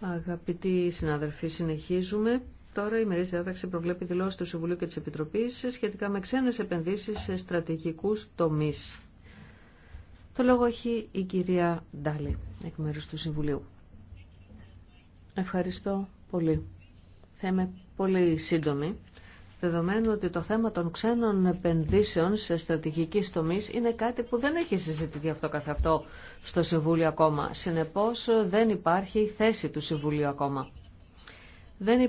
Αγαπητοί συναδελφοί, συνεχίζουμε. Τώρα η μερίστη διάταξη προβλέπει δηλώσει του Συμβουλίου και τη Επιτροπή σχετικά με ξένε επενδύσει σε στρατηγικού τομεί. Το λόγο έχει η κυρία Ντάλη, εκ μέρου του Συμβουλίου. Ευχαριστώ πολύ. Θα είμαι πολύ σύντομη δεδομένου ότι το θέμα των ξένων επενδύσεων σε στρατηγική τομή είναι κάτι που δεν έχει συζητηθεί αυτό καθ' αυτό στο Συμβούλιο ακόμα. Συνεπώς δεν υπάρχει θέση του Συμβουλίου ακόμα.